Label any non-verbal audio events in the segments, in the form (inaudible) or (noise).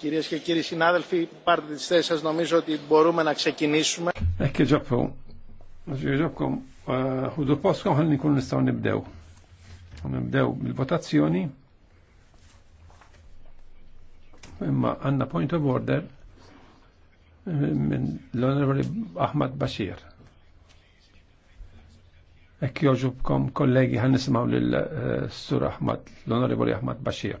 Κυρίες και κύριοι συνάδελφοι, πάρτε τις θέσεις σας. Νομίζω ότι μπορούμε να ξεκινήσουμε. Ekki ġobkom, ġobkom, hudu postkom għal nikun nistaw nibdew. Nibdew bil-votazzjoni. Imma għanna point of order minn l-onorevoli Ahmad Bashir. Ekki ġobkom kollegi għan nismaw l-sur Ahmad, l-onorevoli Ahmad Bashir.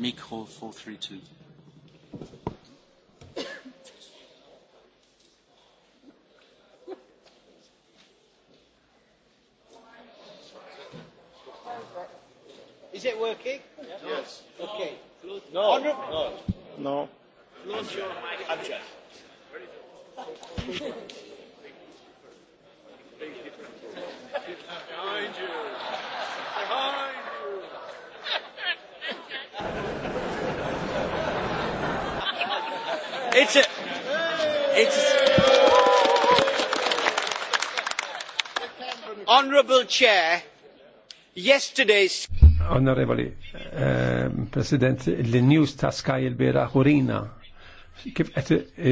432. Is it working? Yes. Okay. No. No. No. Close your mic. (laughs) It's a, it's Honorable Chair, yesterday's Onorevoli, eh, President, l-news ta' Sky il-bira ħurina kif qed